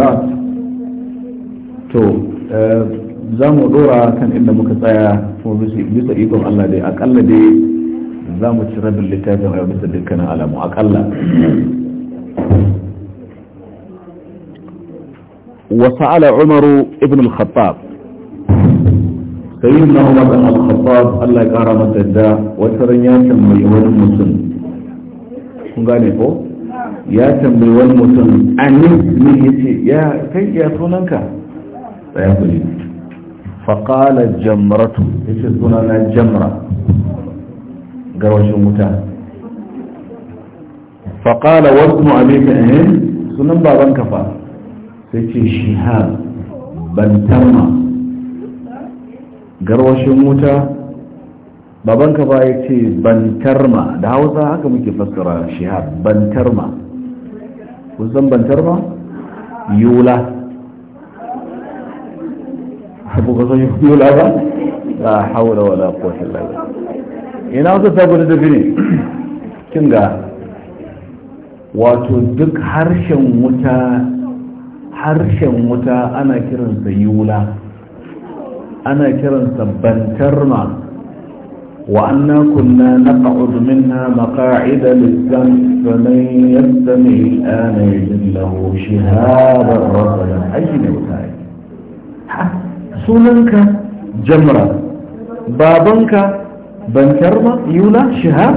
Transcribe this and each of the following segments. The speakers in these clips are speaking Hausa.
بعد to eh, za mu dora kan inda muka tsaya kuma bisa ikon Allah dai akalla dai za mu ci rabin littafin a bisa dukkanin alamu akalla وسأل عمر ابن الخطاب سيدنا عمر بن الخطاب الله يكرمه تدا وترنيا كم يوم مسلم kun gane ko ya tambayi wani mutum anin ne ya ce ya kai ya sunanka ɗaya kuli faƙala jamratu ya ce sunana jamra garwashin wuta faƙala wasu abinka ahin eh? sunan baban kafa sai ce shihab bantamma garwashin wuta baban kafa ya ce bantarma da hausa haka muke fassara shihab bantarma kun san bantar ba yula abu ka san yula ba la haura wala quwwata illa billah ina wata sabu da ne kin ga wato duk harshen wuta harshen wuta ana kiransa yula ana kiransa bantarma وأنا كنا نقعد منها مقاعد للسمع فمن يستمع الآن يجد له شهابا الرسل أين وسائل سننك جمرة بابنك بنكرمة يولا شهاب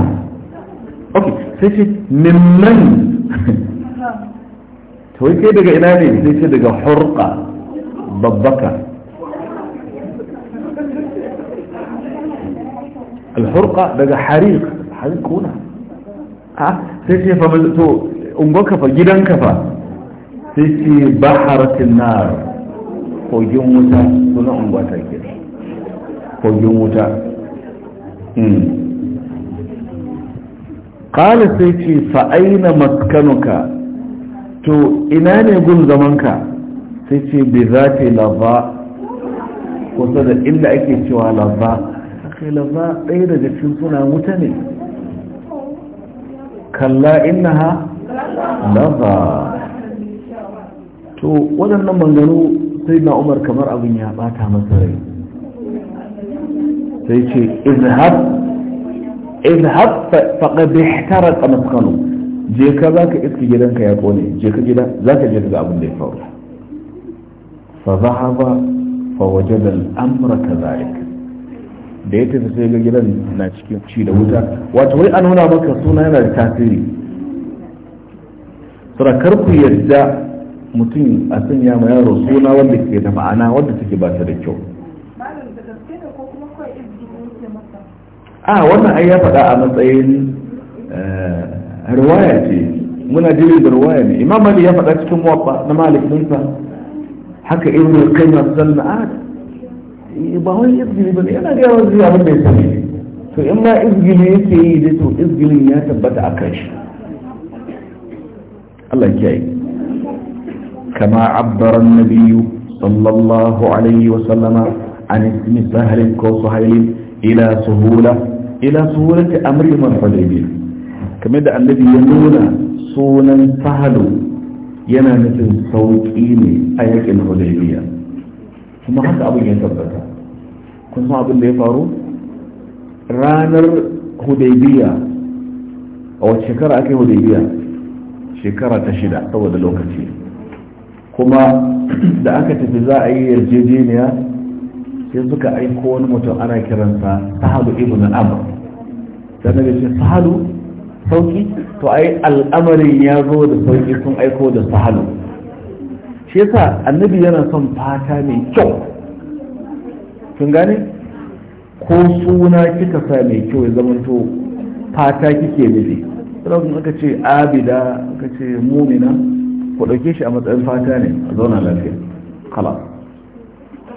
أوكي سيسي ممن نعم. توي كده إلاني سيسي دقى حرقة ضبكة alhurqa daga hariq hariq kuna ha sai ce fa to ungonka kafa gidan kafa sai ce baharatin nar kogin wuta suna ungwata ke kogin wuta kala sai ce fa aina maskanuka to ina ne gun zamanka sai ce bi za ta lava kusa da inda ake cewa lava لما قيل جسم كنا متني كلا إنها لضا تو ودن لما قالوا سيدنا عمر كمر أبنيا باتها مصري سيدي اذهب اذهب فقد احترق مسقنه جيكا ذاك اسكي جدنك يا قولي جيكا جدا ذاك جدد أبن دي فور فذهب فوجد الأمر كذلك da ya tafi sai ga gidan na cikin ci da wuta wato wai an nuna maka suna yana da tasiri sura kar ku yarda mutum a sanya ma yaro suna wanda ke da ma'ana wanda take ba ta da kyau a wannan ai ya faɗa a matsayin eh, riwaya ce muna jiri da riwaya ne imam ali ya faɗa cikin muwaffa na malikinsa haka ibnu qayyim sallallahu alaihi ba wani izgili ba ne yana gaya wasu ya abin da ya sani to in ma izgili yake yi da to izgilin ya tabbata a kan shi Allah kiyaye kama abbaran nabiyyu sallallahu alaihi wa sallama an ismi sahalin ko suhailin ila suhula ila suhulati amri man fadaibi kamar da annabi ya nuna sunan sahalu yana nufin sauƙi ne a yakin hudaybiya kuma haka abin ya tabbata kun san abin da ya faru ranar hudaybiya a wace shekara aka yi hudaybiya shekara ta shida saboda lokaci kuma da aka tafi za a yi yarjejeniya sai suka aiko wani mutum ana kiransa sahalu ibn amr sai da ce sahalu sauki to ai al'amarin ya zo da sauki sun aiko da sahalu shi yasa annabi yana son fata mai kyau kun gane ko suna kika sa mai kyau ya zamanto fata kike nufi saraukin aka ce abida aka ce mumina ku ɗauke shi a matsayin fata ne a zauna lafiya kala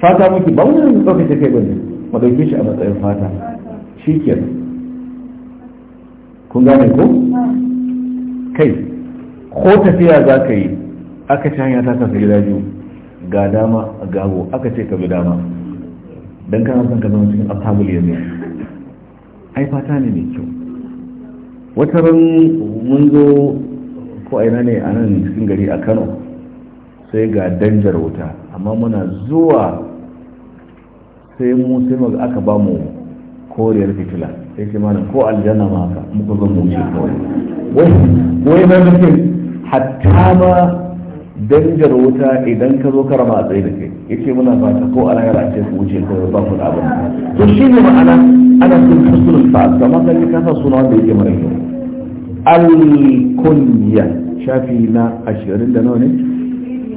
fata muke ba wani yanzu ɗauke ta kai ba ne ku ɗauke shi a matsayin fata shi kenan kun gane ko kai ko tafiya za ka yi aka ci hanya ta kasa gida biyu ga dama a gago aka ce ka bi dama don kana son ka zama cikin ashabul yamin ai fata ne mai kyau wata ran mun zo ko aina ne a nan cikin gari a kano sai ga danjar wuta amma muna zuwa sai mu sai mu aka ba mu koriyar fitila sai ce mana ko aljanna ma haka muka zo mu ce kawai wai na nufin hatta ma danjar wuta idan ka zo karama a tsaye da kai yace muna fata ko a ce ku wuce ko ba ku da abin to shi ne ma'ana ana sun husnul fa'al kamar kan ka sa suna wanda yake mara kyau al kunya shafi na 20 da nawa ne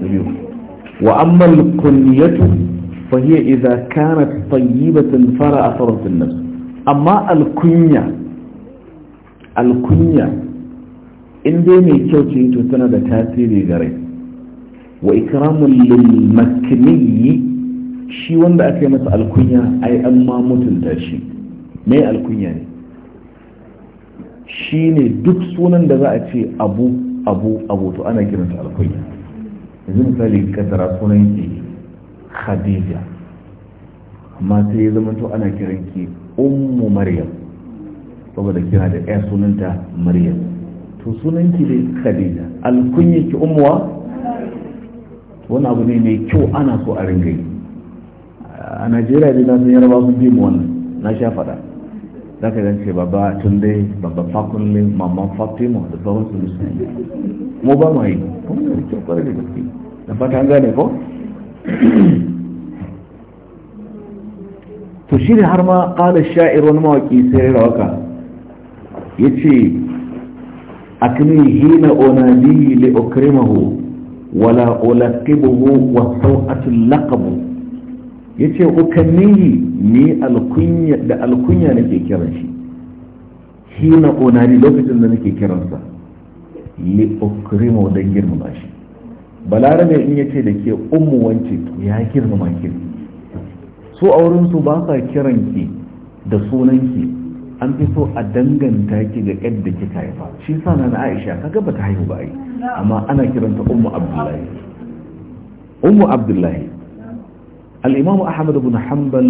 biyu wa amma al kunyatu fa hiya idza kanat tayyibatan fara atharat an nafs amma al kunya al kunya in dai mai kyau ce to tana da tasiri ga rai wa ikramun lil shi wanda aka yi masa alkunya ai an ma mutunta shi mai alkunya ne shi ne duk sunan da za a ce abu abu abu to ana kiransa alkunya yanzu misali kasara sunan ki khadija amma sai ya zama to ana kiran ki ummu maryam saboda kira da ɗaya sunanta maryam to sunan ki dai khadija alkunya ki ummuwa wani abu ne mai kyau ana so a ringa yi a najeriya dai nasan yarba sun fi mu wannan na sha fada za ka gance baba tunde baba fakunle mamma fatima da sauran su musulmi mu ba ma yi kuma da kyau kwarai da gaske da fata an gane ko to shi ne har ma kala sha'ir wani mawaƙi sai rawaka ya ce kini hina onadi li ukrimahu wala ulaqibuhu wa sau'atu laqabu yace ukannihi ni alkunya da alkunya nake kiran shi hina unani lokacin da nake kiransa li ukrimu dan girmama shi balarabe in yace da ke ummu wance to ya girmama ki su auren ba sa kiranki da sunanki. an fi so a danganta ki ga yadda kika haifa shi yasa na na Aisha kaga bata haihu ba ai amma ana kiranta ummu Abdullahi ummu Abdullahi al-Imam Ahmad ibn Hanbal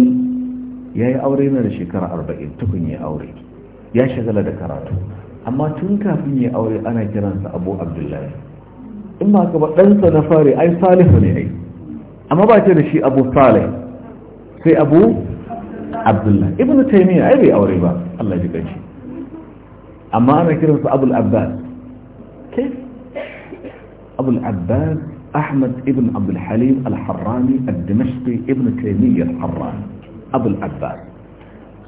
yayi aure na da shekara arba'in, tukun ya aure ya shagala da karatu amma tun kafin ya aure ana kiransa Abu Abdullahi in ba ka ba na fare ai Salihu ne ai amma ba ce da shi Abu Salih sai Abu abdullah ibn taymiya ai bai aure ba Allah ya ji amma ana kiran su abul abbas ke abul abbas ahmad ibn abdul halim al-harrani al-dimashqi ibn ابن al-harrani أبو abbas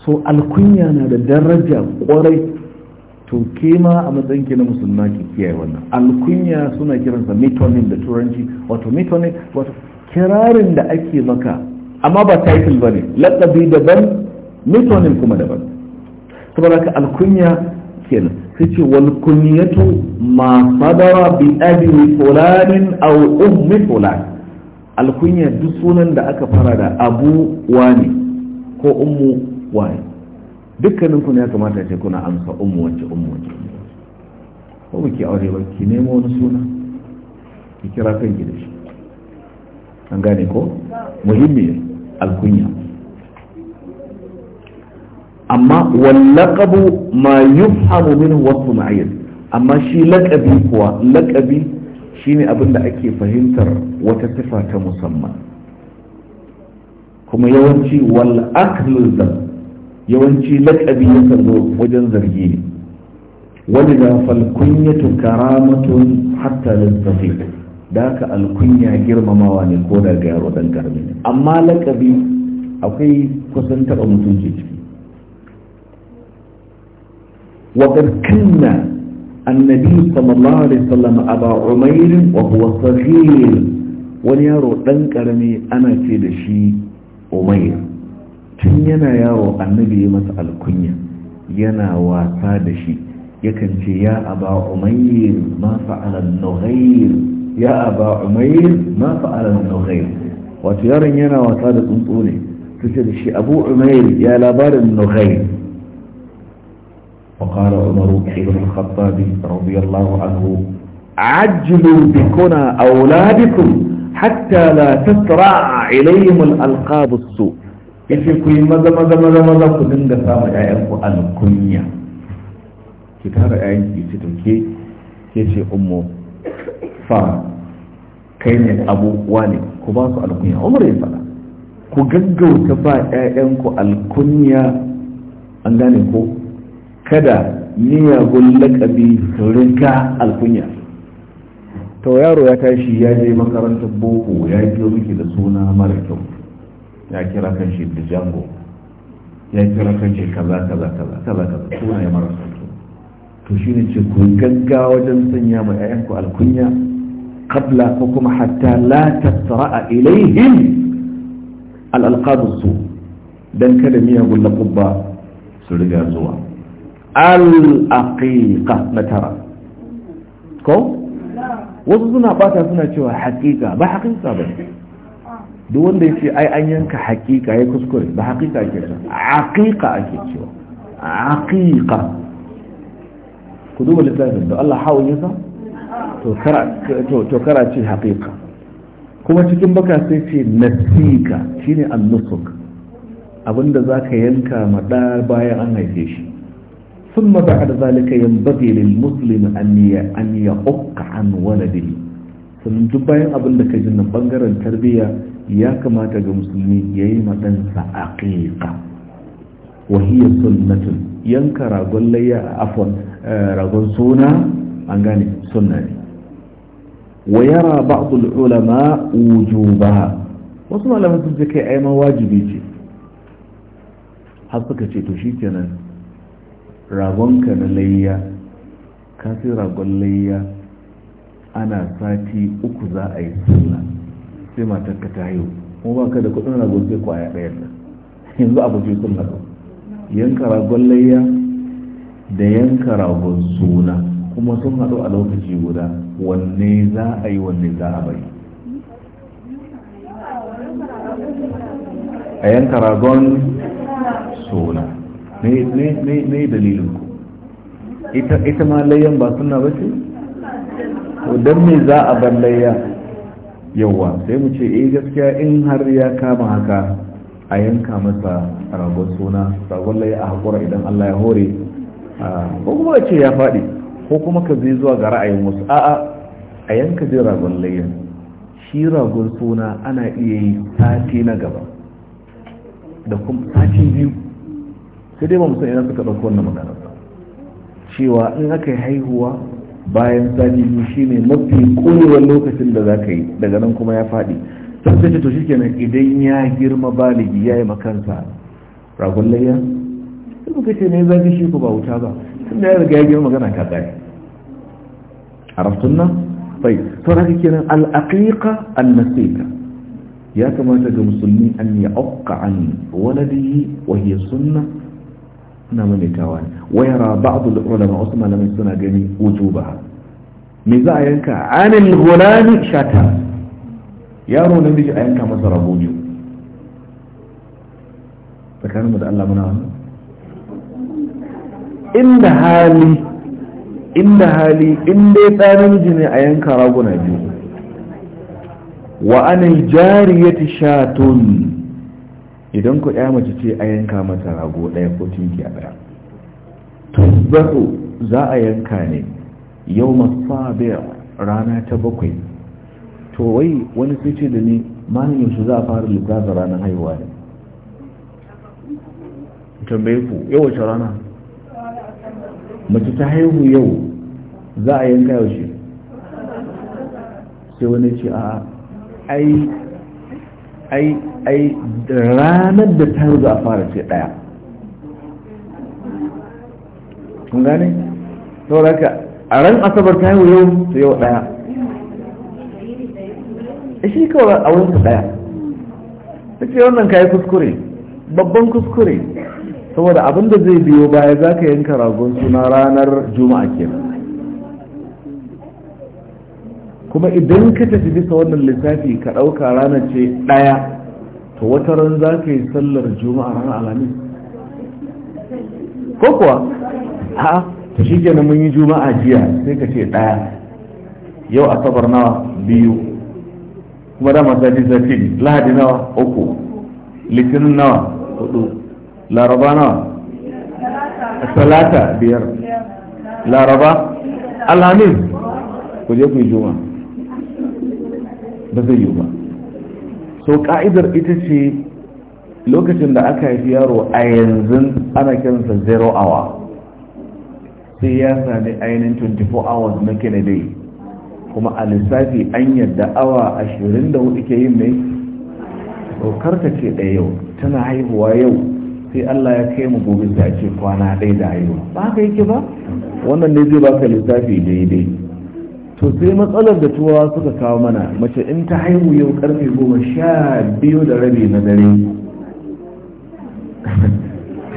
so alkunya na da daraja kwarai to kema a matsayin ke na musulma ke kiyaye wannan alkunya suna kiransa metonym da turanci wato metonym wato kirarin da ake maka amma ba title ba ne laƙabi daban metonym kuma daban saboda ka alkunya kenan sai ce wal kunyatu ma sadara bi abi fulanin aw ummi fulan alkunya duk sunan da aka fara da abu wani ko ummu wani dukkanin ku ne ya kamata ce kuna amsa ummu wacce ummu wacce ko muke aure ba ki nemo wani suna ki kira kanki da shi an gane ko muhimmi ne alkunya amma wallaqabu ma yufhamu minhu wasfu amma shi laƙabi kuwa laƙabi shine abin da ake fahimtar wata sifa ta musamman kuma yawanci wal yawanci laƙabi yakan zo wajen zargi ne wani da falkun ya karamatu hatta lissafi da haka alkunya girmamawa ne ko daga yaro dan karami ne amma lakabi akwai kusan taba mutunci ciki وقد كنا النبي صلى الله عليه وسلم أبا wani yaro صغير وليارو ana ce da shi عمير tun yana yaro annabi ya masa alkunya yana wasa da shi yakan ce ya aba umayr ma fa'ala nughayr يا أبا عمير ما فعل من الغير وتيارين ينا وصادق انطولي تسأل الشيء أبو عمير يا لابار من الغير وقال عمر بن الخطاب رضي الله عنه عجلوا بكنا أولادكم حتى لا تسرع إليهم الألقاب السوء يسيكوا يمضى مضى مضى مضى كنين دفاما يا أبو الكنية كتار أين يسيكوا كي يسي أمه fa kai ne abubuwa ne ku ba su alkunya umar ya faɗa ku gaggauta ba 'ya'yanku alkunya an gane ko kada miyagun lakabi su riga alkunya to yaro ya tashi ya je makarantar boko ya yi miki da suna mara kyau ya kira kan shi da jango ya kira kan shi kaza kaza kaza kaza kaza suna ya mara sauto to ne ce ku gaggawa wajen sanya ma 'ya'yanku alkunya qabla ko kuma hatta la tasra'a ilaihim al-alqab su dan kada miyagun laqabba su riga zuwa al-aqiqa na tara ko wasu suna bata suna cewa haƙiƙa ba haƙiƙa ba duk wanda ya ai an yanka haƙiƙa ya kuskure ba haƙiƙa ake cewa haƙiƙa ake cewa haƙiƙa ku duba littafin da Allah yasa to kara ce haƙiƙa kuma cikin baka sai ce nasika shine annusuk abinda za ka yanka ma ɗa bayan an haife shi ثم بعد ذلك ينبغي للمسلم أن an عن ولده sun duk bayan abinda ka ji na bangaren tarbiyya ya kamata ga musulmi ya yi maɗansa ƙiƙa wahiyya sunnatun yanka ragon layya a afon eh, ragon suna an gane sunna wa yara ba'd ulama wasu malamai sun ce kai ai ma wajibi ce har suka ce to shi shikenan ragonka na layya ka sai ragon layya ana sati uku za a yi suna sai matar ka ta haihu kuma ba ka da kudin ragon sai kwaya ɗaya nan yanzu abu sun ragon yanka ragon layya da yanka ragon suna kuma sun haɗu a lokaci guda wanne za a yi wanne za a bari a yanka ragon suna ne dalilin ku ita ma layyan ba suna ba ce? don me za a bar layya yauwa sai mu ce eh gaskiya in har ya kama haka a yanka masa ragon suna ragon layya a haƙura idan allah ya hore ah, ko kuma ce ya faɗi ko kuma ka zai zuwa ga ra'ayin wasu a'a a yanka zai ragon layya shi ragon suna ana iya yi sati na gaba da kuma sati biyu sai dai ba mu san idan suka ɗauki wannan magana cewa in aka yi haihuwa bayan sati biyu ne mafi kowar lokacin da za ka yi daga nan kuma ya faɗi sun sai to shi kenan idan ya girma baligi ya yi makansa ragon layya sai kuka ce ne zafi shi ku ba wuta ba tun da ya riga ya girma magana ka tsaye araftunna bai to haka kenan al-aqiqa an ya kamata ga musulmi an ya afqa an waladihi wa hiya sunna na manitawa ne wa yara ba'd al-ulama wasu malamai suna gani ba? me za a yanka anil ghulami shata yaro namiji a yanka masa rabo biyu tsakaninmu da Allah muna wannan inda hali inda hali in dai tsarin ne a yanka raguna biyu wa anil jariyati shatun idan ku ya mace ce a yanka mata rago ɗaya ko tinki a ɗaya tuzbahu za a yanka ne yau masabi rana ta bakwai to wai wani sai ce da ni malin su za a fara da ranar haihuwa ne tambaye ku yau wace rana mace ta haihu yau za a yanka yaushe sai wani ce a ai ai ai ranar da ta za a fara ce daya kun gane ka, a ran asabar ta haihu yau sai yau daya eh, shi kawai a wurinsa daya ta ce wannan ka yi kuskure babban kuskure saboda abin da zai biyo baya za ka yanka ragon suna ranar juma'a kenan kuma idan ka tafi bisa wannan lissafi ka ɗauka rana ce ɗaya to wata ran za ka yi sallar juma'a ranar Alamin, ko kuwa ha to shi kenan mun yi juma'a jiya sai ka ce ɗaya yau asabar nawa biyu kuma dama sati zafi lahadi nawa uku litinin nawa hudu laraba nawa talata biyar laraba alhamis ku je ku yi juma ba zai yi ba so ka'idar ita ce lokacin da aka haifi yaro a yanzu ana kiransa zero hour sai ya sami ainihin 24 hours na dai kuma a lissafi an yadda awa ashirin da hudu ke yin mai saukar ta ce ɗaya yau tana haihuwa yau sai Allah ya kai mu gobe sai a ce kwana ɗaya da haihuwa ba haka yake ba wannan ne zai ba ka lissafi daidai to sai matsalar da turawa suka kawo mana mace in ta haihu yau karfe goma sha biyu da rabi na dare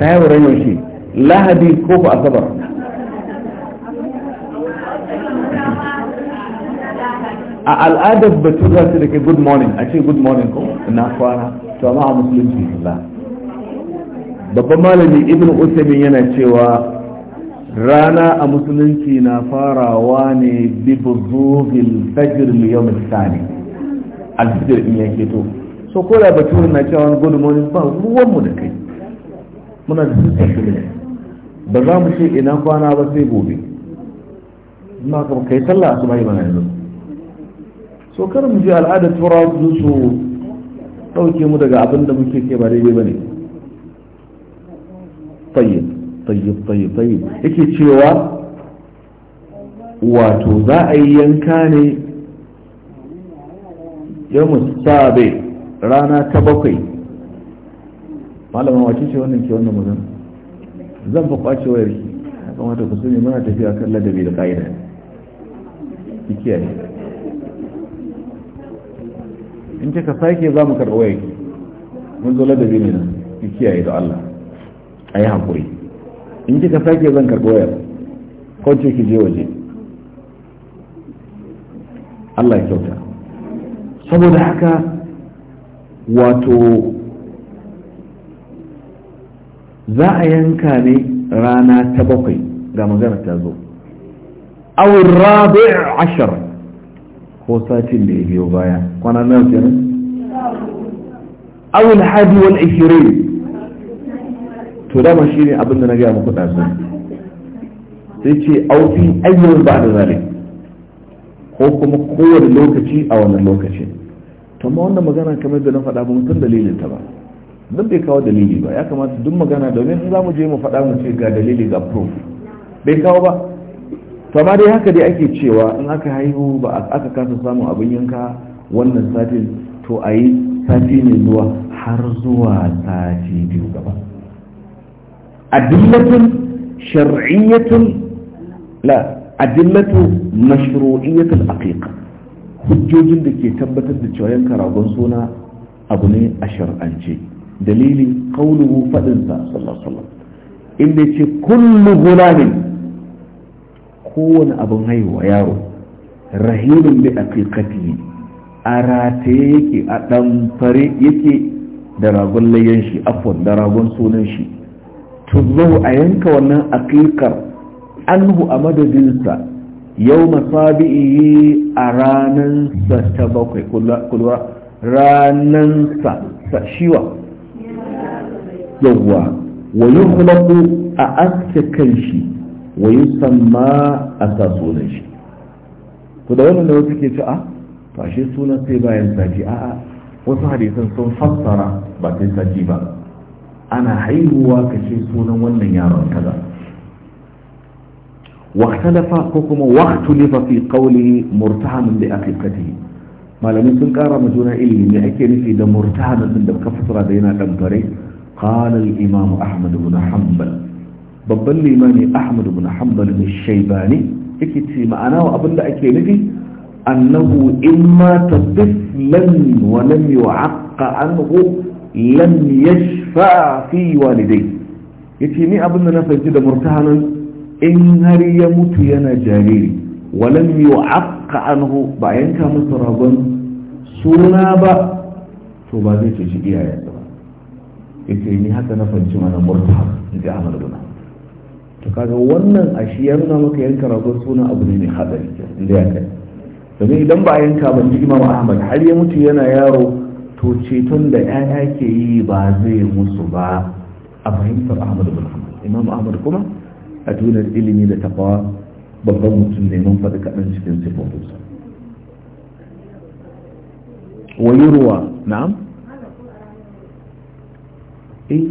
ta yi wurin yaushe lahadi ko ku asabar a al'adar batu za su da ke good morning a ce good morning ko na kwana to amma a musulunci ba babban malami ibn usaimin yana cewa rana a musulunci na farawa ne bi buzugil fajr liyom tsani alfijir in ya keto so ko da batun na cewa good morning ba ruwan mu da kai muna da sun tafi ba za mu ce ina kwana ba sai gobe Ina ka kai sallah su bai mana yanzu so kar mu je al'adar turawa su dauke mu daga abin da muke ke ba daidai ba ne tayyib tayyib tayyib tayyib yake cewa wato za a yi yanka ne ya musabe rana ta bakwai malama wace ce wannan ke wannan magana zan fa kwace wayar ki ya kamata ku sani muna tafiya kan ladabi da ka'ida ki kiyaye in kika sake za mu karɓi wayar ki mun zo ladabi ne nan ki kiyaye da Allah a yi haƙuri in kika sake zan karɓi wayar ko ce ki je waje Allah ya kyauta saboda haka wato za a yanka ne rana ta bakwai ga magana ta zo awin rabi ashar ko satin da ya biyo baya kwanan nan kenan awin hadi wal ishirin to dama shi ne abin da na gaya muku ɗazu sai ce aufi ayyar ba da zalim ko kuma kowane lokaci a wannan lokacin to ma wannan magana kamar da na faɗa ba mutum dalilin ta ba zan bai kawo dalili ba ya kamata duk magana domin za mu je mu faɗa mu ce ga dalili ga proof bai kawo ba to amma dai haka dai ake cewa in aka haihu ba aka kasa samun abin yanka wannan satin to a yi sati ne zuwa har zuwa sati biyu gaba أدلة شرعية لا أدلة مشروعية الأقيقة hujjojin da ke tabbatar da cewa yanka ragon suna abu ne a shar'ance dalilin kauluhu faɗinsa sallallahu alaihi wasallam inda ce kullu gulamin kowane abin haihuwa yaro rahilun bi aqiqati a rataye yake a ɗanfare yake da ragon layyan shi da ragon sunan shi tuzzahu a yanka wannan aqiqar anhu a madadinsa yau masabi'i a ranansa ta bakwai kulwa ranansa sa shiwa yawwa wa yukhlaqu a aske kan shi wa yusamma a sa sunan shi ku da wannan da wasu ke ci a ah, to ashe sunan sai bayan sati a'a wasu hadisan sun fassara ba sai sati ba ana haihuwa ka ce sunan wannan yaron kaza waktalafa ko kuma waktulifa fi qawli murtahanun bi aqiqatihi malami sun kara ma juna ilimi me ake nufi da murtahanun din da kafsara da yana dambare qala al imam ahmad ibn hanbal babban limami ahmad ibn hanbal ne shaybani yake ce ma'ana wa abin da ake nufi annahu imma taslan wa lam yu'aqqa anhu lam yashfa fi walidai yace ni abin da na fahimci da murtahanan in har ya mutu yana jariri walam yu'aqqa anhu ba yanka masa ragon suna ba to ba zai ce shi iyayen ba yace ni haka na fahimci mana murtahan inji Ahmad bin to kaga wannan a shi ya nuna maka yanka ragon suna abu ne mai hadari inda ya kai domin idan ba yanka ba ji Imam Ahmad har ya mutu yana yaro to ceton da 'ya'ya ke yi ba zai musu ba a fahimtar ahmadu bin imam ahmad kuma a tunar ilimi da tafawa babban mutum ne mun faɗi kaɗan cikin sifofinsa ruwa na'am eh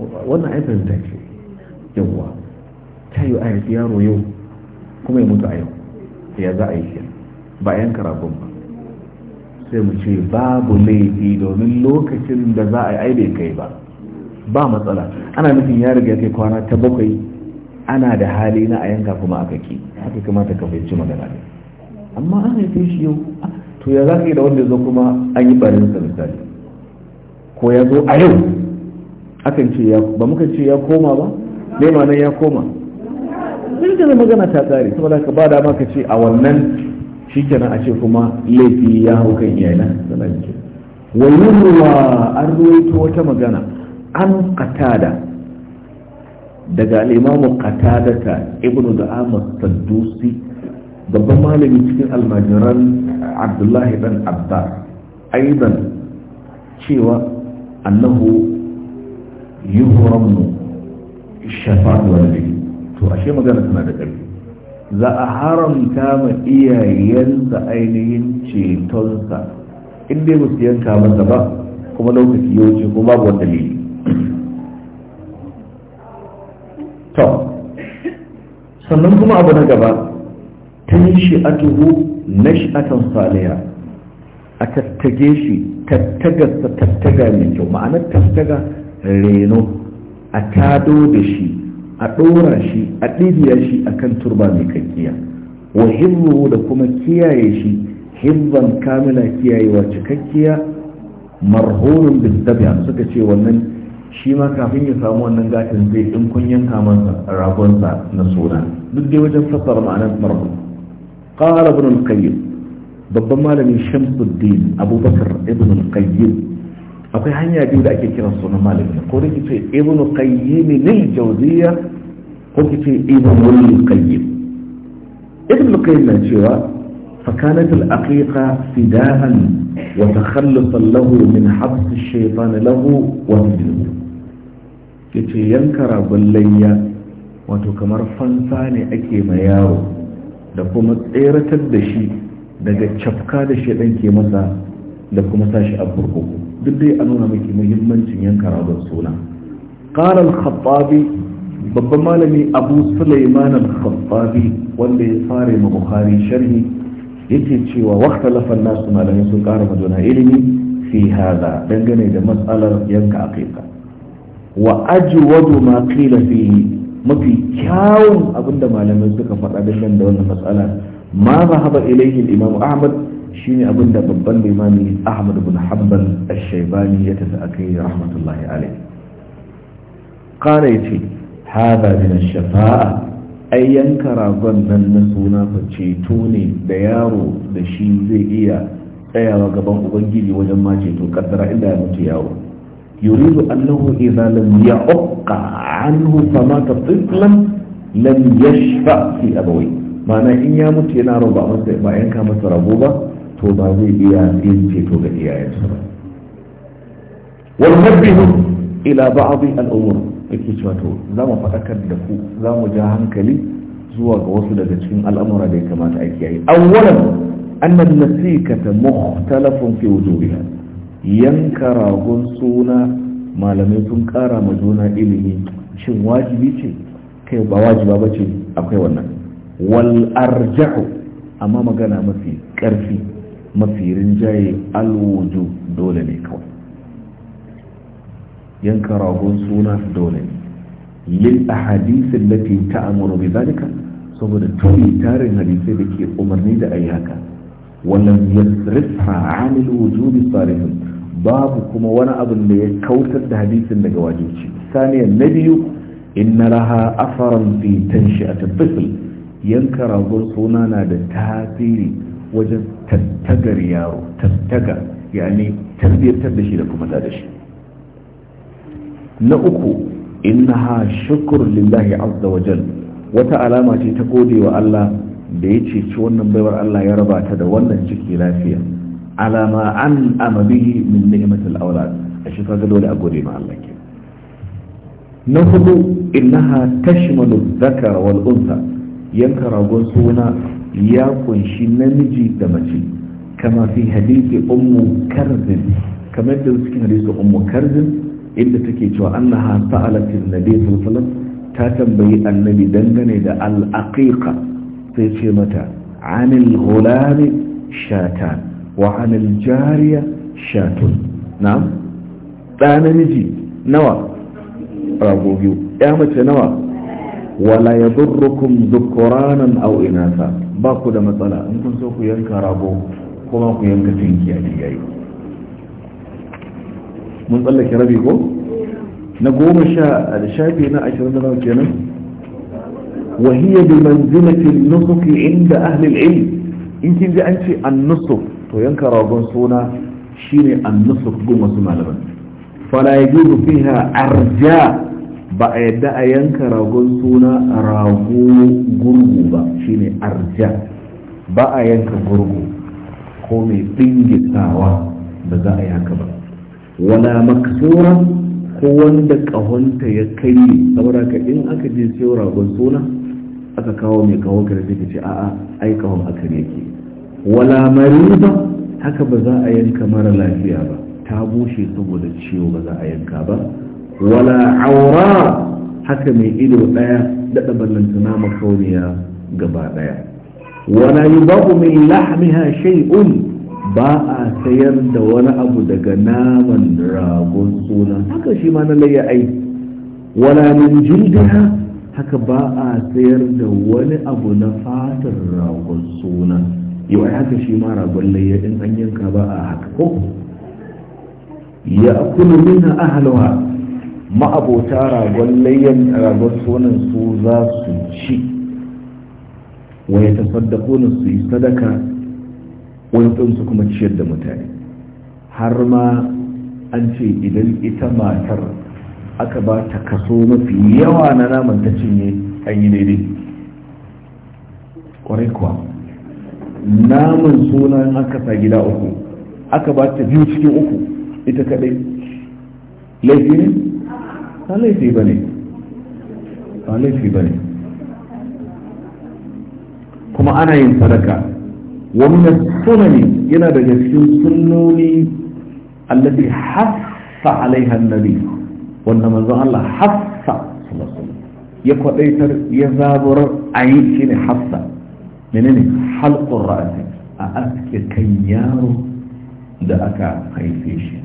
wannan ai fahimta ce yawwa ta yi a yaro yau kuma ya mutu a yau ya za a yi shi ba yan karabun ba sai mu ce babu laifi domin lokacin da za a yi bai kai ba ba matsala ana nufin ya riga kai kwana ta bakwai ana da hali na a yanka kuma aka ki haka kamata ka fahimci magana ne amma an haife shi yau to ya za ka yi da wanda ya zo kuma an yi barin sa misali ko ya zo a yau akan ce ya ba muka ce ya koma ba ne ma ya koma sai da magana ta tsare saboda ka ba dama ka ce a wannan shikenan a ce kuma laifi ya hau kan yana sana ce wa an ruwaito wata magana an qatada daga al katadata qatadata ibnu da'ama saddusi babban malami cikin almajiran abdullahi bin abbas aidan cewa annahu yuhramu shafa wal to ashe magana tana da ƙarfi za a haramta ma iyayensa ainihin cetonsa inda ba su yanka masa ba kuma lokaci ya wuce kuma babu wanda lili to sannan kuma abu na gaba ta yi shi a tuhu na shi a saliya a tattage shi tattagarsa tattaga mai kyau ma'anar tattaga reno a tado da shi a ɗora shi a ɗibiya shi a kan turba mai kakiya wa himmuhu da kuma kiyaye shi himban kamila kiyayewa cikakkiya marhunin bittabiya suka ce wannan shi ma kafin ya samu wannan gatin zai in kun yanka masa ragonsa na suna duk dai wajen fassara ma'anar marhun qala ibn al-qayyim babban malamin shamsuddin abubakar ibn al-qayyim akwai hanya biyu da ake kiran sunan malamin ko da ke ce qayyim lil jawziya ko ke ce ibnu qayyim ibnu qayyim na cewa فكانت الأقيقة فداء وتخلصا له من حبس الشيطان له وسجنه yace yanka ragon layya wato kamar fansa ne ake ma yaro da kuma tseratar da shi daga cafka da shaidan ke masa da kuma sashi a burkuku duk dai a nuna miki muhimmancin yanka ragon suna qala al-khattabi babban malami abu sulaiman al-khattabi wanda ya fara ma bukhari sharhi yake cewa waqta lafan nasu malamai sun kara maduna ilimi fi hada dangane da matsalar yanka aqiqa wa ajwadu ma qila fi mafi kyawun abinda malamai suka faɗa dangane da wannan matsala ma zahaba ilayhi al-imam ahmad shine abin da babban limami Ahmad bin Hanbal ash ya ya tafi akai rahmatullahi alai qala yace haza da shafaa ai yanka ragon nan na suna fa ceto ne da yaro da shi zai iya tsayawa gaban ubangiji wajen ma ceto kaddara inda ya mutu yawo yuridu annahu idza lam ya'qa anhu fama tiflan lam yashfa fi abawayhi ma'ana in ya mutu yana roba ba yanka masa rabo ba to ba zai iya yin ceto ga iyayensa ba wal nabbihu ila ba'd al umur yake cewa to za mu faɗakar da ku za mu ja hankali zuwa ga wasu daga cikin al'amura da ya kamata a kiyaye awwalan anna nasikata mukhtalafun fi wujubiha yanka ragon suna malamai sun kara ma juna ilimi shin wajibi ce kai ba wajiba bace akwai wannan wal arjahu. amma magana mafi karfi mafi rinjaye alwuju dole ne kawai yanka ragon suna dole ne lil ahadisin lati ta'amuru bi zalika saboda tuni tarin hadisai da ke umarni da ayi haka wannan yasrifa anil wujubi sarihin babu kuma wani abin da ya kautar da hadisin daga wajibci saniyan na biyu inna laha asaran fi tanshi'at at yanka ragon suna na da tasiri wajen tattagar yaro tattaga yani tarbiyyantar da shi da kuma da shi na uku ha shukur lillahi azza wa wata alama ce ta gode wa Allah da ya ce ci wannan baiwar Allah ya raba ta da wannan ciki lafiya alama an amabihi min ni'matil aulad a shi kaga dole a gode ma Allah ke na hudu innaha tashmalu dhakara wal unsa yanka ragon suna ya kunshi namiji da mace kama fi hadisi ummu karzin kamar da cikin hadisi ummu karzin inda take cewa annaha sa'alat annabi sallallahu alaihi wasallam ta tambayi annabi dangane da al-aqiqa sai ce mata anil ghulami shatan wa anil jariya shatun na'am da namiji nawa rago biyu ya mace nawa wala yadurrukum dhukuranan aw inasa ba da matsala in kun so ku yanka rago kuma ku yanka tinki a yayi mun tsallake rabi ko na goma sha da shafi na ashirin da nawa kenan wahiyya bi manzilatil nusuki inda ahli ilm in kin ji an ce an nusuk to yanka ragon suna shine an nusuk gun wasu malaman fala yajibu fiha arja ba a yadda a yanka ragon suna a rago gurgu ba shine arja ba a yanka gurgu ko mai ɗingitawa ba za a yaka ba wala maksura ko wanda ƙahonta ya kai saboda ka in aka je siyo ragon suna aka kawo mai kawo ka da ce a'a ai kawon aka yake wala mariba haka ba za a yanka mara lafiya ba ta bushe saboda ciwo ba za a yanka ba wala aura haka mai ido daya daɗa nama kauniya gaba daya wala babu min lahmiha shay'un ba a sayar da wani abu daga naman ragon suna haka shi ma na layya ai wala min jildiha haka ba a sayar da wani abu na fatar ragon suna yau haka shi ma ragon layya in an yanka ba a haka ko ya akulu minha ahlaha ma'abota ragon layyan ragon sunan su za su ci wa ya ne su yi sadaka wani su kuma ciyar da mutane har ma an ce idan ita matar aka ba ta kaso mafi yawa na naman ta cinye an yi daidai kwarai kuwa naman sunan aka sa gida uku aka ba ta biyu cikin uku ita kadai laifin. ba laifi ba ne ba laifi ba ne kuma ana yin sadaka wannan sunani yana daga cikin sunnoni allati haffa alaiha annabi wanda manzon Allah haffa ya kwadaitar ya zaburar ayi ne haffa menene halqur ra'si a aske kan yaro da aka haife shi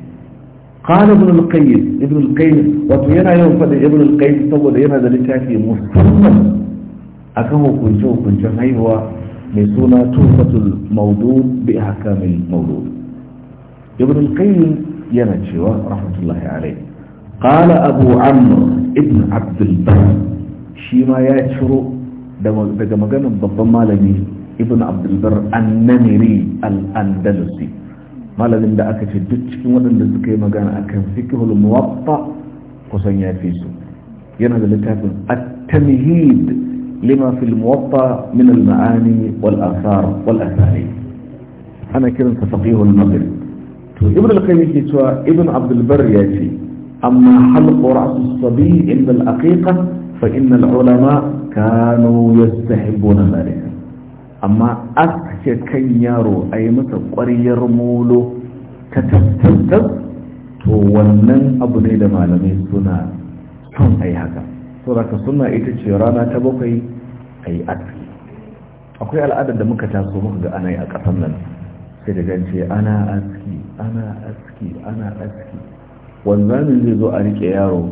قال ابن القيم ابن القيم wato yana yawan faɗin ibn al-qayyim saboda yana da littafi musamman akan hukunce hukuncen haihuwa mai suna tufatul mawdud bi ahkamil mawdud ibn al-qayyim yana cewa rahmatullahi alayhi قال أبو عمرو ابن عبد البر shi ma ya ciro daga maganar babban malami ibn abdulbar annamiri al-andalusi malamin da aka ce duk cikin waɗanda suka yi magana akan fiqhul muwatta kusan ya fi su yana da littafin at-tamhid lima fil muwatta min al-ma'ani wal athar wal athari ana kiran kiransa faqihul maghrib to ibn al-qayyim yake cewa ibn abdul bar ya ce amma halqu ra's as-sabi inda al-aqiqa fa inna al-ulama kanu yastahibuna dhalika amma aske kan yaro a yi masa ƙwaryar molo ta tattattar to wannan abu ne da malamai suna son a yi haka to ka suna ita ce rana ta bakwai a yi aski akwai al'adar da muka taso muka ga ana yi a ƙasar nan sai da gance ana aski ana aski ana aski wanzamin zai zo a riƙe yaro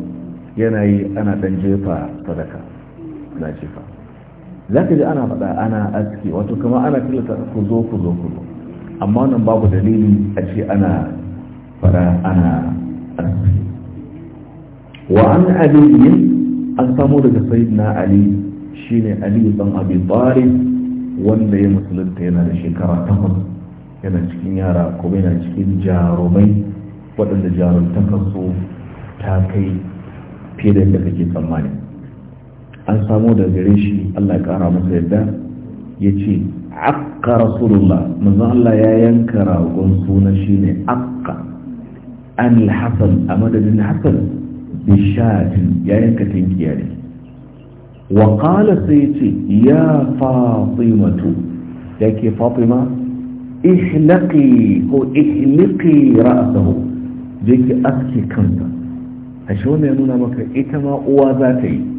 yana yi ana ɗan jefa sadaka na jefa zaka je ji ana faɗa ana aski wato kama ana tilata ku zo ku zo ku zo amma nan babu dalili a ce ana faɗa ana aski wa an aliyin an samu daga sayyidina ali shine ali ban abi talib wanda ya musulunta yana da shekara takwas yana cikin yara kuma yana cikin jarumai waɗanda jarumtakarsu ta kai fiye da yadda kake tsammani an samo da gare shi Allah ya kara masa yadda ya ce akka rasulullah manzon Allah ya yanka ragon suna shine akka an hasan a madadin hasan bishatin ya yanka tinkiya ne wa qala sai ya ce ya fatimatu ya ke fatima ihlaqi ko ihliqi ra'sahu je ki aske kansa ashe wannan ya nuna maka ita ma uwa za ta yi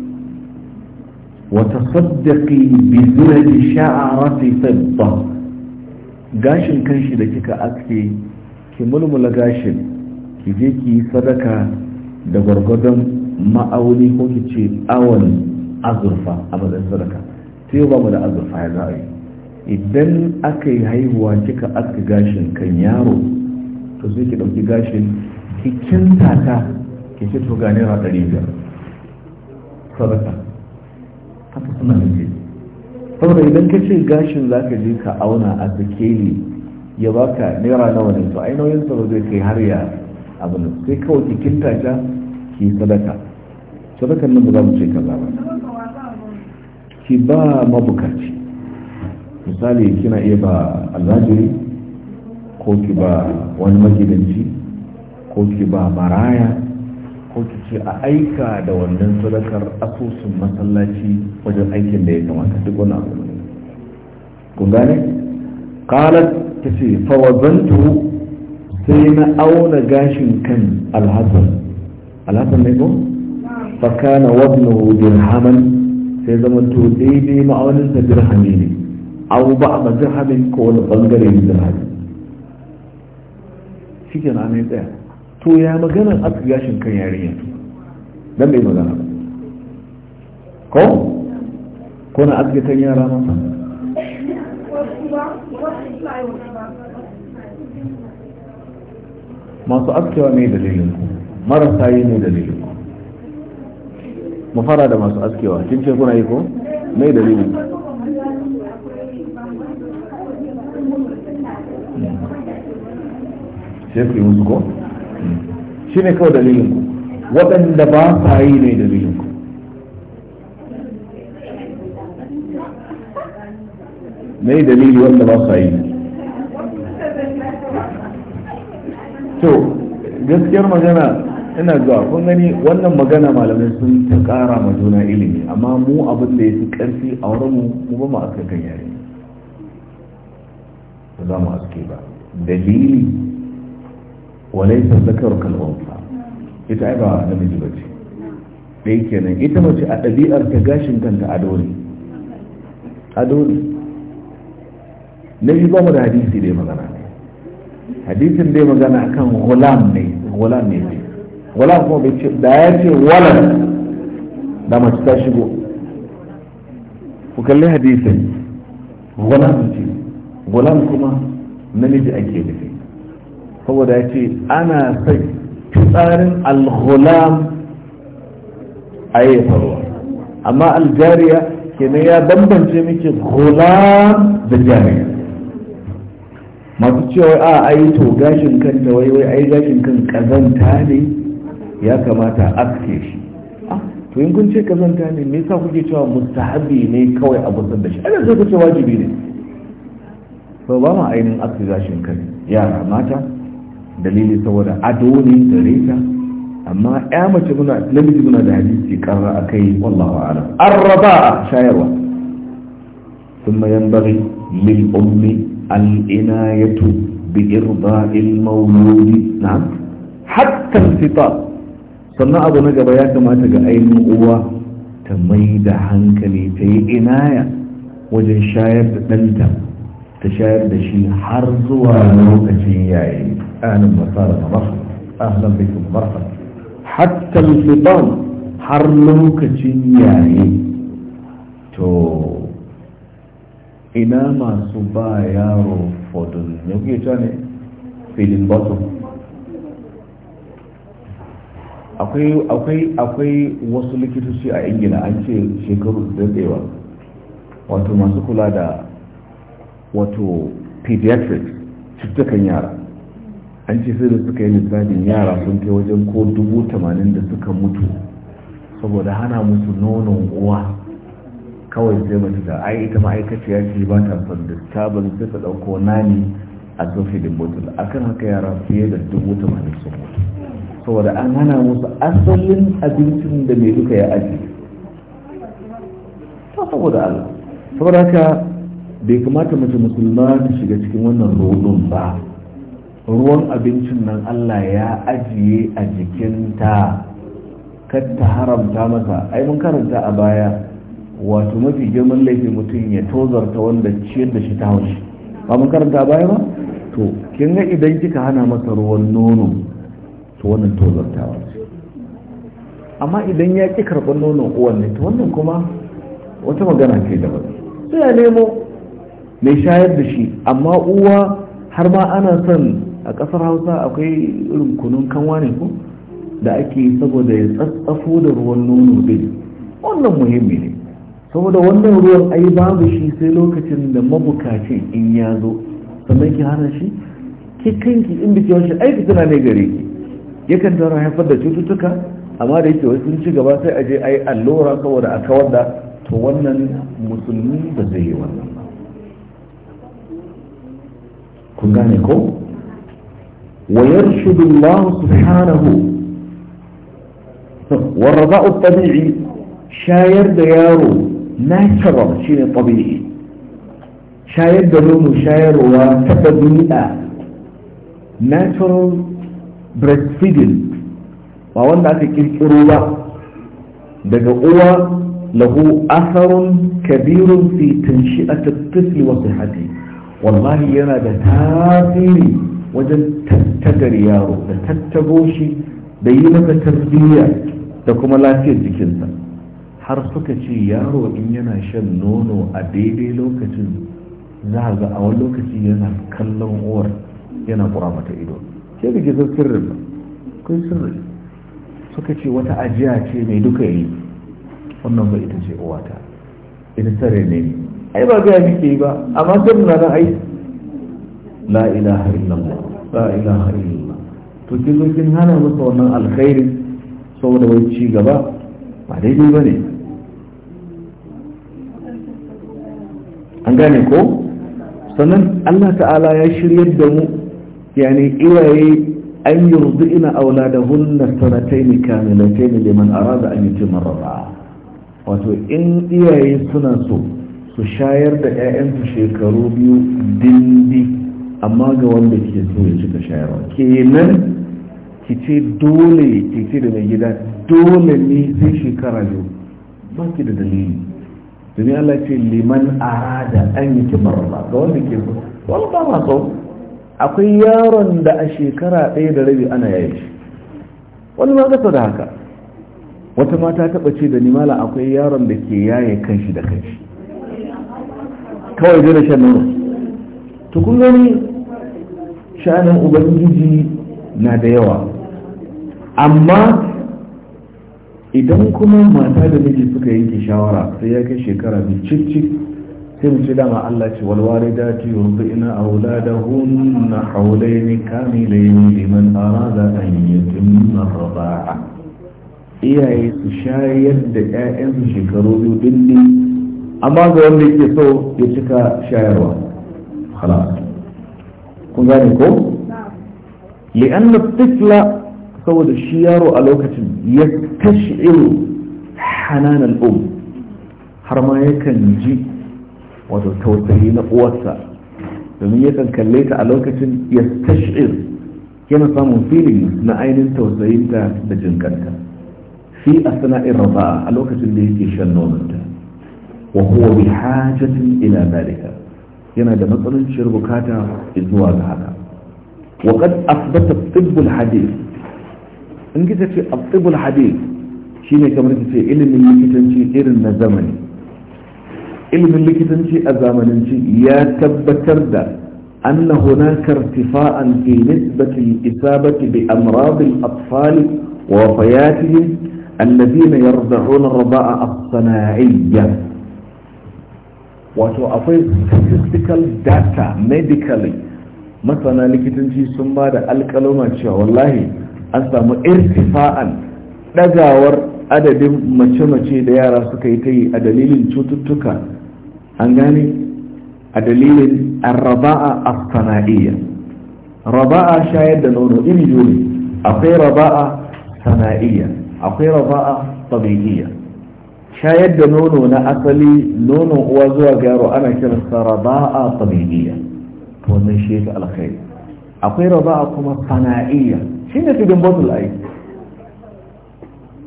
وتصدقي بزلد شعرة فضة gashin kai shi da kika aske ki mulmula gashin ki je ki yi sadaka da gwargwadon ma'auni ko ki ce awon azurfa a bazan sadaka sai ba mu da azurfa ya za'a idan aka haihuwa kika aske gashin kan yaro to sai ki ɗauki gashin ki kinta ta ki ce to ga naira ɗari biyar sadaka haka suna nufi saboda idan ka ce gashin za ka je ka auna a sikeli ya baka naira nawa ne to ainihin sa ba zai kai har ya abu ne sai kawai ki tasha ki sadaka sadakan nan ba za mu ce kaza ba ki ba mabukaci misali kina iya ba alhajiri ko ki ba wani magidanci ko ki ba maraya ko ki ce a aika da wannan sadakar asusun masallaci wajen aikin da ya kamata duk wani abu kun gane qalat ta ce fawazantu sai na auna gashin kan alhassan alhassan ne ko kana wabnu dirhaman sai zama to daidai ma'aunin sa dirhami ne abu ba a hamin ko wani bangare dirhami shi ke na ne tsaya to ya maganar aka gashin kan yarinya dan bai magana ko ko na aka kan yara ma masu askewa ne dalilin ku marasa yi ne dalilin ku mu fara da masu askewa kin ce kuna yi ko mai dalilin ku hmm. sai ku yi musu ko shi ne kawai dalilin ku waɗanda ba sa yi ne dalilin ku me dalili wanda ba sa yi to gaskiyar magana ina zuwa kun gani wannan magana malamai sun ta kara ma juna ilimi amma mu abin da ya fi karfi a wurin mu mu ba mu aska kan ba za mu aske ba dalili walai ta zakar kalwanta ita ai ba namiji ba ce ɗaya kenan ita mace a ɗabi'ar ta gashin kanta a dole a dole na yi ba mu da hadisi dai magana hadisin dai magana kan gulam ne gulam ne ce gulam kuma bai ce da ya ce walad da mace ta shigo ku kalli hadisin gulam ce gulam kuma namiji ake nufi saboda ya ce ana sai fitsarin alhulam a yi faruwa amma aljariya kenan ya bambance miki hulam da jariya masu cewa a yi to gashin kanta wai wai yi gashin kan kazanta ne ya kamata a aske shi to in kun ce kazanta ne me yasa kuke cewa mustahabi ne kawai a busar da shi ana zai kuce wajibi ne to ba ma ainihin aske gashin kan yara mata dalili saboda ado ne gare ta amma ya mace muna namiji muna da hadisi karra a kai wallahu ala arraba shayarwa ثم ينبغي للأم العناية بإرضاء المولود نعم حتى fita. sannan abu na gaba ya kamata ga ainihin uwa ta mai da hankali ta yi inaya wajen shayar da ɗanta ta shayar da shi har zuwa lokacin yayi أهلا وسهلا مرحبا أهلا بكم مرحبا حتى الفطام har lokacin تو إنا ما سبا ba yaro fodun تاني في cewa akwai akwai akwai wasu likitoci a ingila an ce shekaru daɗewa wato masu kula da wato pediatric cututtukan yara an ce sai da suka yi lissafin yara sun kai wajen ko dubu tamanin da suka mutu saboda hana musu nonon uwa kawai sai mace da ai ita ma'aikaciya ce ba ta son disturbance sai ta ɗauko nani a sofi da botul akan haka yara fiye da dubu tamanin sun mutu saboda an hana musu asalin abincin da mai duka ya aji saboda Allah saboda haka bai kamata mace musulma ta shiga cikin wannan rodon ba ruwan abincin nan Allah ya ajiye a jikinta kar ta haramta mata ai mun karanta a baya wato mafi girman laifin mutum ya tozarta wanda ciyar da shi ta haushi ba mun karanta a baya ba to kin ga idan kika hana masa ruwan nono to wannan tozartawa ce amma idan ya ki karɓar nonon uwan ne to wannan kuma wata magana da wani sai ya nemo mai shayar da shi amma uwa har ma ana son a ƙasar hausa akwai irin kunun kanwa ne ko da ake saboda ya tsatsafo da ruwan nono dai wannan muhimmi ne saboda wannan ruwan ai babu shi sai lokacin da mabukacin in ya zo sannan ki hana shi ki kanki in biki wancan aiki tana ne gare ki yakan tara haifar da cututtuka amma da yake sun ci gaba sai a je a yi allura saboda a kawar da to wannan musulmi ba zai yi wannan ba kun gane ko ويرشد الله سبحانه والرضاء الطبيعي شاير دياره ما شرى شيء طبيعي شاير دلوم شاير وسبب مئة natural breastfeeding وأن أتك الكروبة بقوة له أثر كبير في تنشئة الطفل وصحته والله ينادى تاثيري wajen tattagar yaro da tattago shi da yi maka tarbiyya da kuma lafiyar jikinsa har suka ce yaro in yana shan nono a daidai lokacin za a ga a wani lokaci yana kallon uwar yana kura mata ido sai da gizon sirrin ba kun sirri suka ce wata ajiya ce mai duka yi wannan ba ita ce uwata ina tare ne ai ba ga yake yi ba amma sai muna nan ai la ilaha illallah la ilaha illallah to kin zo kin hana masa wannan alkhairin saboda wai ci gaba ba daidai ba ne an gane ko sannan Allah ta'ala ya shiryar da mu yani iyaye an yurdina auladahunna sanatayn kamilatayn liman arada an yutimma ar wato in iyaye suna so su shayar da 'ya'yansu shekaru biyu dindi amma ga wanda ke so ya cika shayarwa kenan ki ce dole ki ce da mai gida dole ne sai shekara yau ba ki da dalili domin Allah ce liman arada an yi ki barba ga wanda ke so wani ba ma so akwai yaron da a shekara ɗaya da rabi ana yaye shi wani ma gasa da haka wata mata taɓa ce da nimala akwai yaron da ke yaye kanshi da kanshi kawai da shan nono to kun gani sha'anin ubangiji na da yawa amma idan kuma mata da miji suka yanke shawara sai ya kai shekara mai cik sai mu ce dama Allah ce walware da ci ina a wula da hunna haulai ne kamilai ne liman za a yi tunna raba'a iyaye su shayar da 'ya'yansu shekaru biyu dindin amma ga wanda ke so ya cika shayarwa خلاص kun gane ko li'an tifla saboda shi yaro a lokacin ya tashiru hanan al'um har ma yakan ji wato tausayi na uwarsa domin yakan kalle ta a lokacin ya tashir yana samun filin na ainihin tausayinta da jinkanta fi a sana'in raba a lokacin da yake shan nononta wa huwa bi hajatin ila dalika yana da matsalanciyar bukata zuwa ga haka wa qad asbata tibbul hadith in kita ce tibbul hadith shine kamar ta ce ilimin likitanci irin na zamani ilimin likitanci a zamananci ya tabbatar da أن هناك ارتفاعا في نسبة الإصابة بأمراض الأطفال ووفياتهم الذين يرضعون الرضاء الصناعية wato akwai statistical data medically masana likitanci sun ba da alkaloma cewa wallahi an samu irtifa'an dagawar adadin mace-mace da yara suka yi ta yi a dalilin cututtuka an gane a dalilin raba'a astana'iyya raba'a shayar da nono iri akwai raba'a sana'iyya akwai raba'a tabi'iyya shayar da nono na asali nonon uwa zuwa ga yaro ana kiran sa raba'a tabi'iyya to wannan shi ka alkhairi akwai raba'a kuma sana'iyya shine tudun bottle ai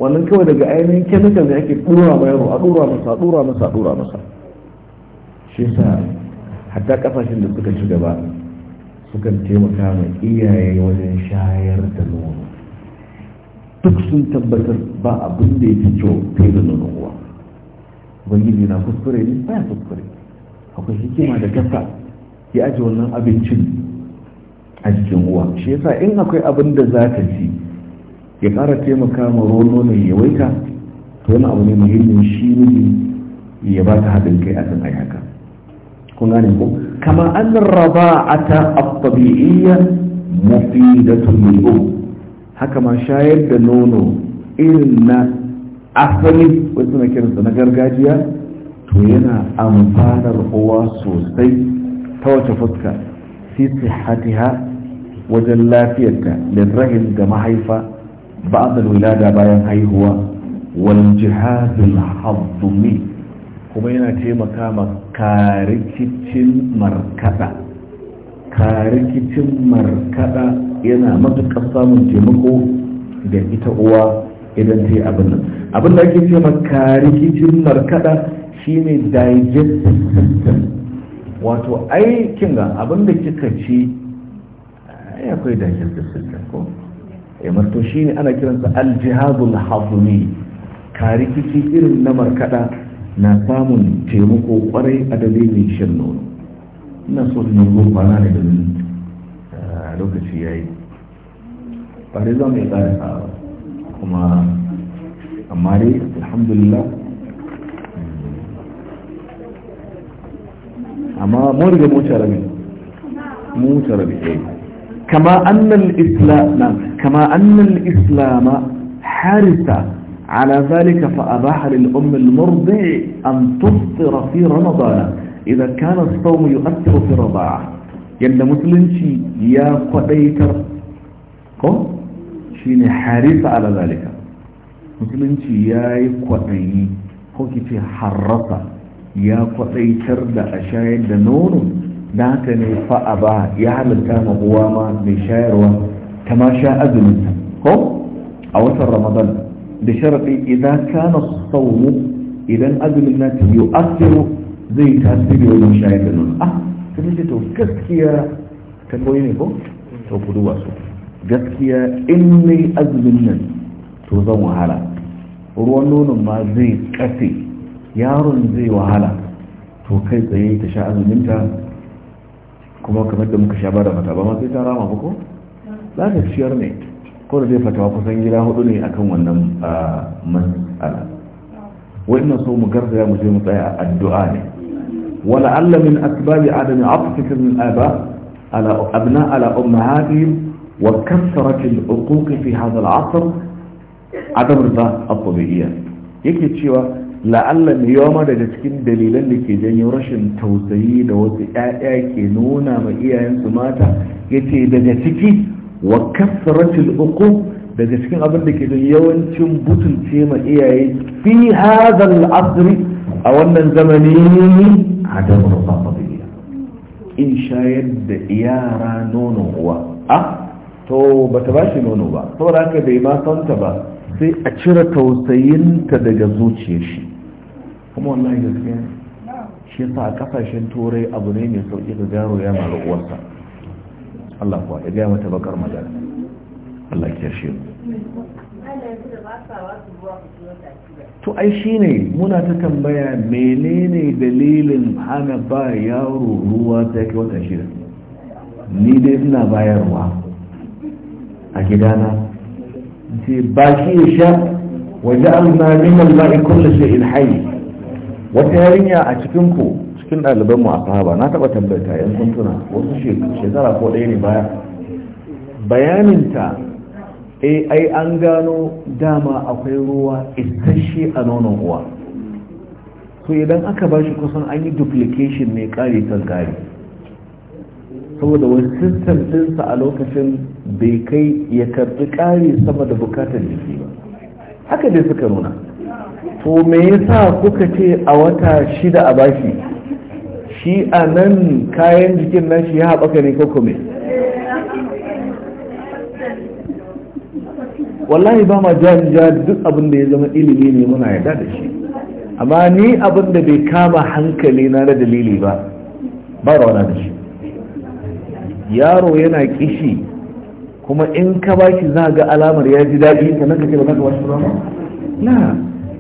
wannan kawai daga ainihin chemical da ake dura ma yaro a dura masa dura masa dura masa shi sa hatta kafashin da suka ci gaba sukan taimaka ma iyaye wajen shayar da nono duk sun tabbatar ba abin da ya fi kyau kai da nuna uwa ubangiji na kuskure ne baya kuskure akwai hikima da kasa ya aji wannan abincin a jikin uwa shi yasa in akwai abin da za ka ci ya ƙara taimaka ma ruwan nono ya waita to wani abu ne muhimmin shi ne ya ba ta haɗin kai a kan haka kun gane ko kama an ta at-tabi'iyya mufidatun lil haka ma shayar da nono irin na asali wasu na kiransa na gargajiya to yana amfanar uwa sosai ta wace fuska fi sihatiha wajen lafiyarta rahin da mahaifa ba'da wilada bayan haihuwa wal jihadul haɗumi. kuma yana taimaka ma karikicin markada karikicin markada yana matuƙar samun taimako da ita uwa idan ta yi abin nan abin da ake cewa karikicin markaɗa shine digestive system wato aikin ga abin da kika ci ai akwai digestive system ko eh marto shine ana kiransa aljihadul hazmi karikici irin na markaɗa na samun taimako kwarai a dalilin shan nono ina so in zo kwana da dalilin lokaci ya yi ba da zama ya yi ƙarasa kuma amma dai alhamdulillah amma mun mota mu mota mu ya yi kama annan al-islam kama annan al-islam harisa على ذلك فأباح للأم المرضع أن تفطر في رمضان إذا كان الصوم يؤثر في رضاعه yadda musulunci ya kwadaitar ko harisa musulunci ya yi kwaɗayi ko kice ya kwaɗaitar da a shayar da nono da haka ne fa'a ba ya halatta ma uwa ma mai shayarwa ta ma sha azuminta ko a watan ramadan da sharaɗi idan kana saumu idan azumin na ta yi zai tasiri wajen shayar da nono ah, sun ce to gaskiya tambayoyi ne ko to ku duba su gaskiya in nayi azumin nan to zan wahala ruwan nonon ma zai kafe yaron zai wahala to kai tsaye ta sha azuminta kuma kamar da muka sha bada mata ba ma sai ta rama ba ko za ta ciyar ne ko da zai fatawa kusan gida hudu ne akan wannan ah, mas'ala ina so mu garzaya mu je mu tsaya addu'a ne ولعل من أسباب عدم عطفك الآباء على أبناء على أمهاتهم وكثرة العقوق في هذا العصر عدم رضا الطبيعية yake cewa la'alla mai yawa ma daga cikin dalilan da ke janyo rashin tausayi da wasu 'ya'ya ke nuna ma iyayensu mata yace daga ciki wa kasratil uku daga cikin abin da ke janyo yawancin butulce ma iyaye fi hadha al a wannan zamani adam rafafadiyya in shayar da yara nono uwa a to bata ba shi nono ba saboda haka bai ma santa ba sai a cire tausayinta daga zuciyar shi kuma wallahi gaskiya shi yasa a kasashen turai abu ne mai sauƙi ga garo ya mara uwarsa Allah kuwa ya gaya mata bakar magana Allah ya shi to ai shine muna ta tambaya menene dalilin hana ba yaro ruwa ta yake wata shida ni dai ina bayarwa a gidana ce ba shi ya sha waje an zami mallaye kulle shi wata yarinya a cikin ku cikin ɗalibanmu a sahaba na taɓa tambayta yan kuntuna wasu shekara ko ɗaya ne baya bayaninta eh ai an gano dama akwai ruwa isasshe a nonon uwa to idan aka ba shi kusan an yi duplication mai kare kan kare saboda wani system dinsa a lokacin bai kai ya karbi kare sama da bukatar jiki ba haka dai suka nuna to me yasa kuka ce a wata shida a bashi shi a nan kayan jikin nashi ya haɓaka ne ko wallahi ba ma jari-jari duk abin da ya zama ilimi ne muna yarda da shi amma ni abin da bai kama hankali na da dalili ba ba rawana da shi yaro yana kishi kuma in ka ba shi za ga alamar ya ji daɗi ka ka ce ba za ka ba shi ba na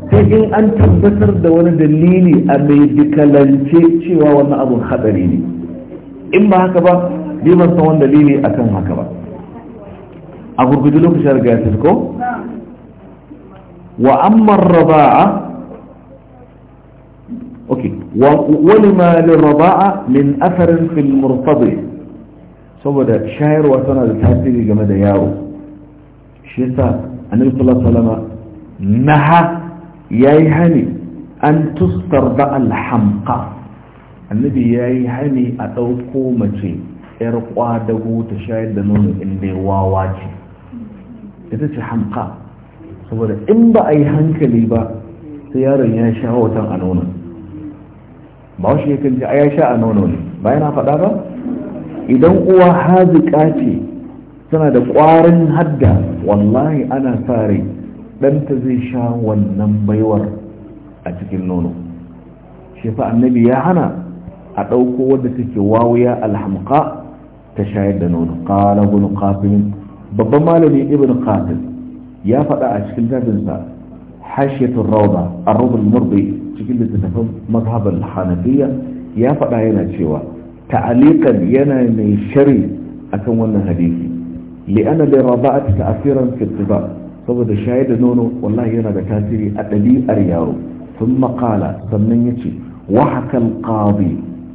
sai in an tabbatar da wani dalili a mai dikalance cewa wannan abun hatsari ne in ba haka ba ni ban san wani dalili akan haka ba أقول قد لهم شارك أتذكو وأما الرضاعة أوكي ولما للرضاعة من أثر في المرتضي سوى ده شاعر وأتنا للتحديد كما ده ياو شيطة أن يقول الله سلام نهى يايهني أن تسترضع الحمقى النبي يايهني أتوقو متي إرقوا دهو تشاهد نون إني واواجه ta ce hamka saboda in ba a yi hankali ba sai yaron ya sha watan a nono ba wasu yakan ce a ya sha a nono ne ba yana faɗa ba idan uwa hazika ce tana da ƙwarin hadda wallahi ana sa rai ɗanta zai sha wannan baiwar a cikin nono shi fa annabi ya hana a ɗauko wadda take wawuya alhamka ta shayar da nono ƙala gunu kafin babban malami ibn qatil ya faɗa a cikin tafinsa hashiyatul rawda a rawdul murdi cikin littattafan mazhabal hanafiyya ya faɗa yana cewa ta'alikan yana mai shari akan wannan hadisi li'anna li a ta'siran fi tiba saboda shayar da nono wallahi yana da tasiri a ɗabi'ar yaro sun maƙala sannan yace wa hakal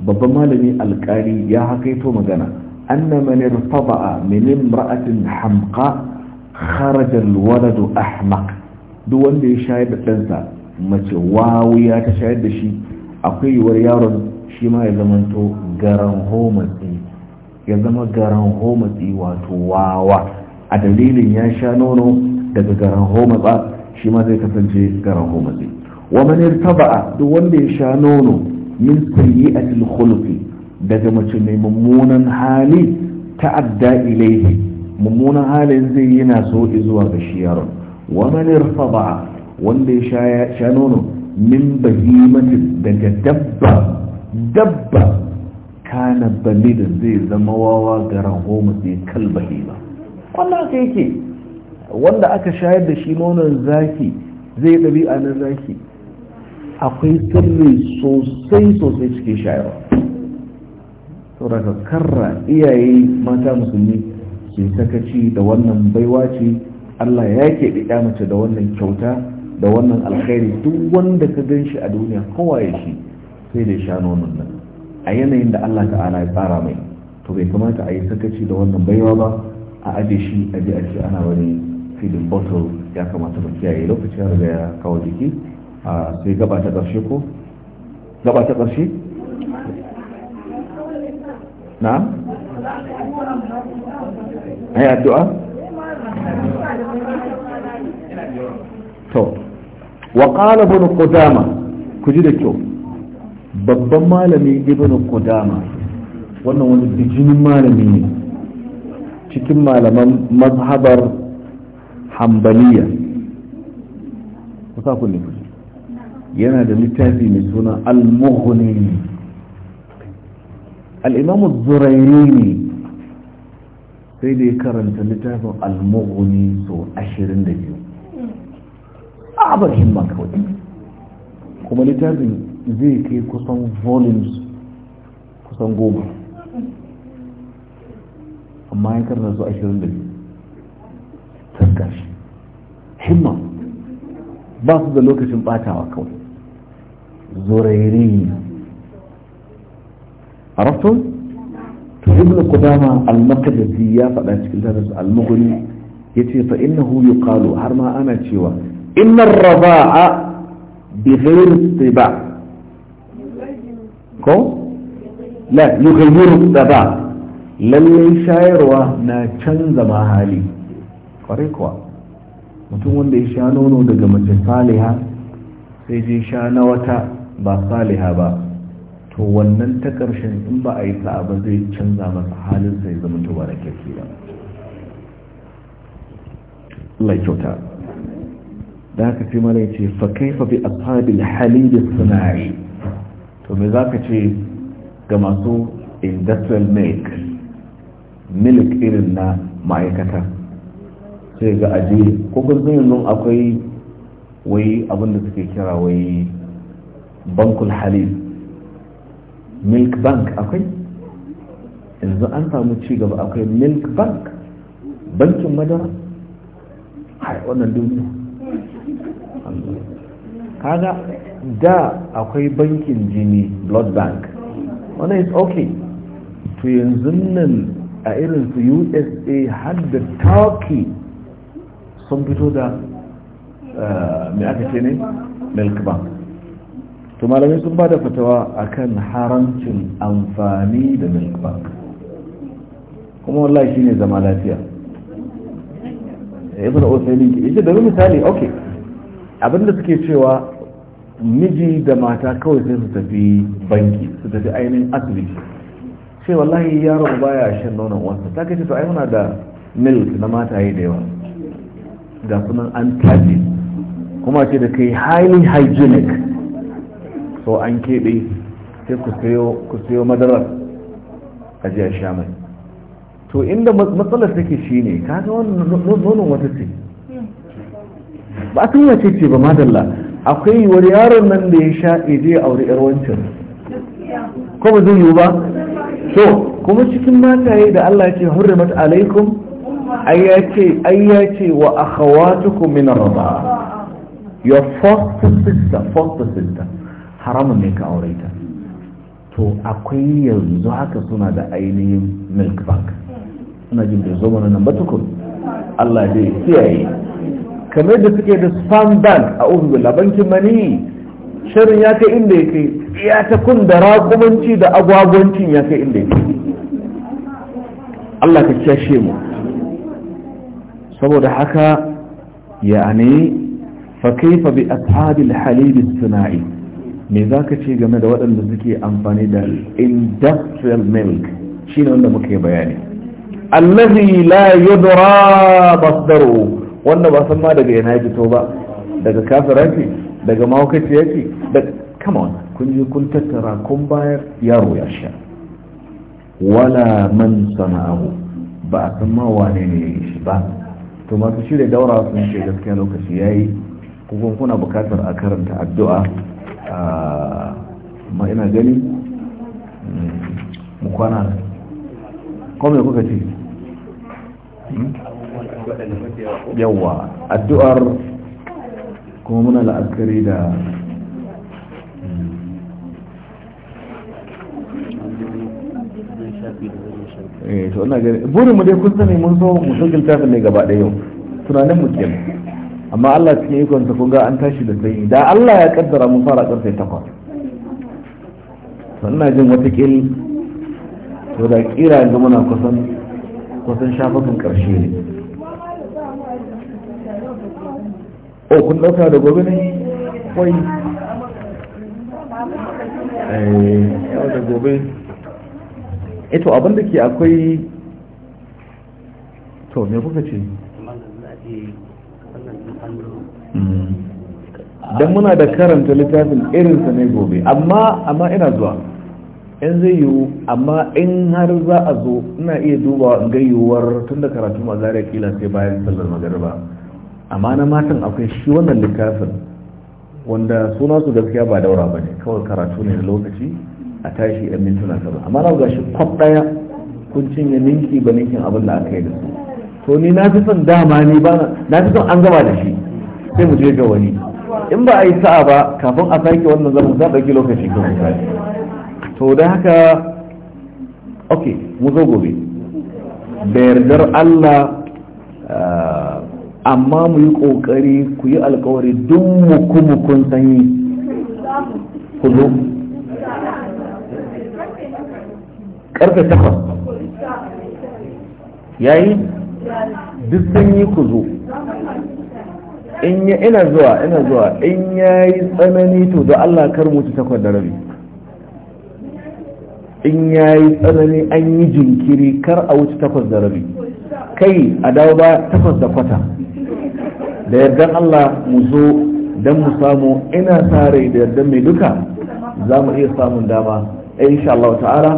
babban malami alƙali ya hakaito magana anna man irtada'a min imra'atin Hamka kharaja alwaladu ahmaq duk wanda ya sha da ɗansa mace wawuya ta sha da shi akwai yiwuwar yaron shi ma ya zama garan homatsi wato wawa a dalilin ya sha nono daga garan homatsa shi ma zai kasance garan homatsi wa wanda ya sha nono min sayyi'atil khuluqi daga mace mai mummunan hali ta'adda ilaihi mummunan halin zai yana so zuwa ga shi yaron wa man wanda ya sha nono min bahimatin daga dabba dabba kana da zai zama wawa ga raho mutum kal bahima wannan aka yake wanda aka shayar da shi nonon zaki zai ɗabi'a na zaki akwai sirri sosai sosai cikin shayarwa saboda karra iyaye mata musulmi ke sakaci da wannan baiwa ce Allah ya ke ɗa mace da wannan kyauta da wannan alkhairi duk wanda ka gan shi a duniya kowaye shi sai da sha nonon nan a yanayin da Allah ta'ala ya tsara mai to bai kamata a yi sakaci da wannan baiwa ba a aje shi a ji a ce ana wani filin bottle ya kamata mu kiyaye lokacin da ya kawo jiki sai gaba ta ƙarshe ko gaba ta ƙarshe نعم هي الدعاء to وقال ابن قدامه kuji da kyau babban malami ibn qudama wannan wani bijinin malami ne cikin malaman mazhabar hambaliya kusa kullum yana da littafi mai suna al-mughni al'imamu zurairi ne sai da ya karanta littafin al-mughni so 22 abar himma kawai kuma littafin zai kai kusan volumes kusan goma amma ya karanta su 22 taskashi himma ba su da lokacin batawa kawai zurairi ne عرفتم؟ ابن قدامة المقدسي يا فقط كتابة المغني يتي فإنه يقال هرما أنا تشيوا إن الرضاعة بغير الطباع كو؟ لا يغير الطباع lallai shayarwa na canza mahali kwarai kuwa mutum wanda ya sha nono daga mace saliha sai je sha na wata ba saliha ba to wannan ta ƙarshen in ba a yi sa'a ba zai canza masa halin sai zama to ba da kirki ba Allah kyauta da haka sai mala yace fa kaifa bi ashabil halid sana'i to me zaka ce ga masu industrial milk milk irin na ma'aikata sai ga aje ko gurbin yanzu akwai wai abin da suke kira wai bankul halid milk bank akwai yanzu an samu ci gaba akwai milk bank bankin madara hai wannan duniya kaga da akwai bankin jini blood bank wannan is okay to yanzu nan a irin su usa har da turkey sun fito da eh, mai aka ce ne milk bank to malamai sun ba da fatawa akan haramcin amfani da milk bank kuma wallahi shine zama lafiya eh, ibn usaimin ki yace da misali ok abinda suke cewa miji da mata kawai sai su tafi banki su tafi ainihin asibiti sai wallahi yaron baya shan nonon wasa ta kace to ai muna da milk na mata yi da yawa ga sunan an tafi kuma ce da kai highly hygienic so an keɓe sai ku sayo madarar a jiya sha mai to inda matsalar take shi ne ka ga nonon wata ce ba a tun wace ce ba madalla akwai yiwuwar yaron nan da ya sha je aure yar wancan ko ba zai yiwu ba to kuma cikin mataye da Allah ce ce mata alaikum ai ce wa akhawatukum min ar your foster sister sister haramun ne ka aure ta to akwai yanzu haka suna da ainihin milk bank suna jin bai zo mana nan ba tukun Allah dai kiyaye kamar da suke da spam bank a ungu bankin mani shirin ya kai inda ya kai ya ta kun da rakumanci da agwagwancin ya kai inda ya kai Allah ka kyashe mu saboda haka ya ne fa kaifa bi ashabil halibi sana'i me za ka ce game da waɗanda suke amfani da industrial milk shi ne wanda muka yi bayani allazi la yudra basdaru wanda ba san ma daga yana ya fito ba daga kafira ce daga mahaukaciya ce da come on kun je kun tattara kun bayar yaro ya sha wala man sana'ahu ba a san ma wane ne ya shi ba to masu shirya daura sun ce gaskiya lokaci yayi kuma kuna bukatar a karanta addu'a ma ina gani mu kwana kome kuka ce yawa addu'ar kuma muna la'akari da eh to ina gani burin mu dai kun sani mun so mu so littafin ne gaba ɗaya yau tunanin mu kenan amma Allah cikin ikon ta kun ga an tashi da sai da Allah ya kaddara mun fara karfe takwas sannan jin wata kil to da kira yanzu muna kusan kusan shafakan karshe ne o oh, kun dauka da gobe ne kwai eh, yau da gobe ito eh, abinda ke akwai to me kuka ce don hmm. muna da karanta littafin irinsa ne gobe amma amma ina zuwa in zai yiwu amma in har za a zo ina iya duba in tun da karatu ma zare kila sai bayan sallar magariba amma na matan akwai shi wannan littafin wanda suna su gaskiya ba daura ba ne kawai karatu ne da lokaci a tashi yan mintuna saba amma na ga shi kwab daya kun cinye ninki ba ninkin abin da aka yi da su to ni na fi son dama ni ba na fi son an gaba da shi sai mu je ga wani in ba a yi sa'a ba kafin a sake wannan zama za ɗauki lokaci ga wani. to da haka ok mu zo gobe da yardar Allah eh, amma mu yi ƙoƙari ku yi alkawari duk mukumukun sanyi ku zo karfe takwas yayi duk sun yi ku zo ina zuwa ina zuwa in ya yi tsanani to da Allah kar mu ci takwas da rabi in ya yi tsanani an yi jinkiri kar a wuce takwas da rabi kai a dawo ba takwas da kwata da yardan Allah mu zo don mu samu ina sa rai da yardan mai duka za mu iya samun dama insha Allah ta'ala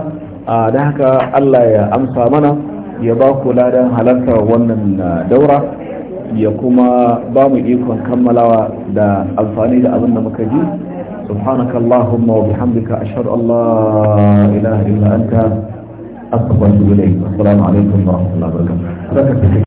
da haka Allah ya amsa mana ya ba ku ladan halartar wannan daura ya kuma ba mu ikon kammalawa da amfani da abin da muka ji سبحانك اللهم وبحمدك أشهد أن لا إله إلا أنت أستغفرك إليك السلام عليكم ورحمة الله وبركاته